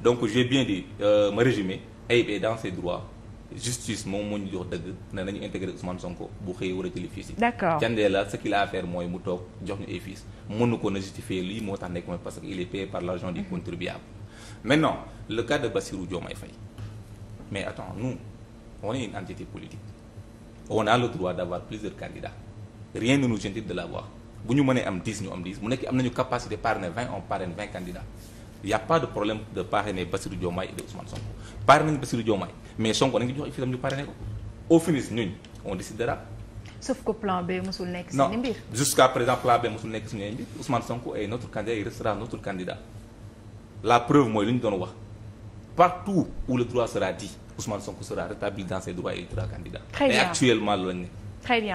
donc j'ai bien dit euh, ma résumé ayib est dans ses justice moom moo ñu jox dëgg ne nañu intégré Ousmane Sonko bu xëyee war a jëli fiis yi candee la ce qu'il a à mooy mu toog jox ñu ay fiis mënu ko na lii moo tax nekk parce que il est payé par l'argent du mhm. contribuable maintenant le cas de Bassirou Diomaye Faye mais attends nous on une entité politique on a le droit d'avoir plusieurs candidats rien ne nous interdit de l'avoir bu ñu mënee am 10 ñu am 10 mu nekk am nañu capacité parrainer 20 on parraine 20 candidats y' a pas de problème de parrainer Bassirou Diomaye et de Ousmane Sonko parrainé nañu Bassirou Diomaye mais Sonko da nga jox fii tam ñu parrainé ko au finish ñun on décidera. sauf que plan B mosul nekk suñu mbir. nekk suñu mbir Ousmane Sonko est notre candidat il restera notre candidat la preuve mooy lu ñu doon wax partout où le droit sera dit Ousmane Sonko sera rétabli dans ses et il candidat. très bien actuellement la ne. très bien.